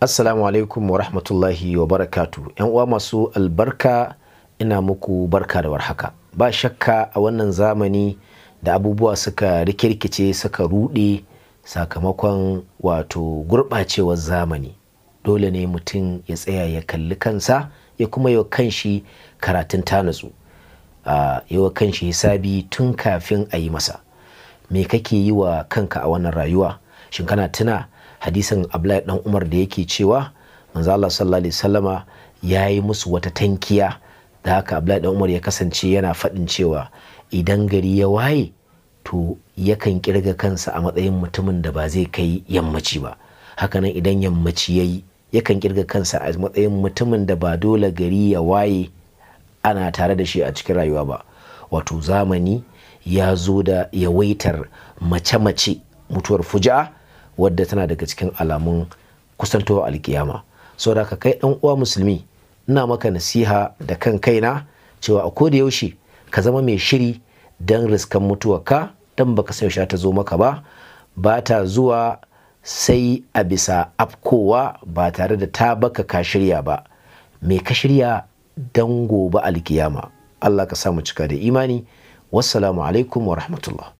Assalamu alaikum wa rahmatullahi wa barakatu. ‘Yan uwa masu albarka ina muku barka da warhaka. Ba shakka a wannan zamani da abubuwa suka rikirkice suka ruɗe sakamakon wato gurɓacewar zamani. Dole ne mutum ya tsaya ya kalli kansa ya kuma wa kanshi karatun tanatsu. yi wa kanshi hisabi tun kafin a yi masa. Me kake yi wa kanka a wannan rayuwa? Shin kana tuna? hadisin abdullahi dan umar da yake cewa manzo Allah sallallahu alaihi wasallama yi musu wata tankiya da haka abdullahi dan umar ya kasance yana faɗin cewa idan gari ya waye to yakan kirga kansa a matsayin mutumin da ba zai kai yammaci ba hakanan idan yammaci yayi yakan kirga kansa a matsayin mutumin da ba dole gari ya waye ana tare da shi a cikin rayuwa ba wato zamani ya zo da yawaitar mace-mace mutuwar fuja'a wadda tana daga cikin alamun kusantowa alkiyama da ka kai dan uwa musulmi ina maka nasiha da kan kaina cewa a koda yaushe ka zama mai shiri don riskan mutuwarka don baka sai ta zo maka ba ba ta zuwa sai a bisa afkowa ba tare da ta baka ka shirya ba me ka shirya don gobe alkiyama Allah ka samu cika da imani wassalamu alaikum wa rahmatullah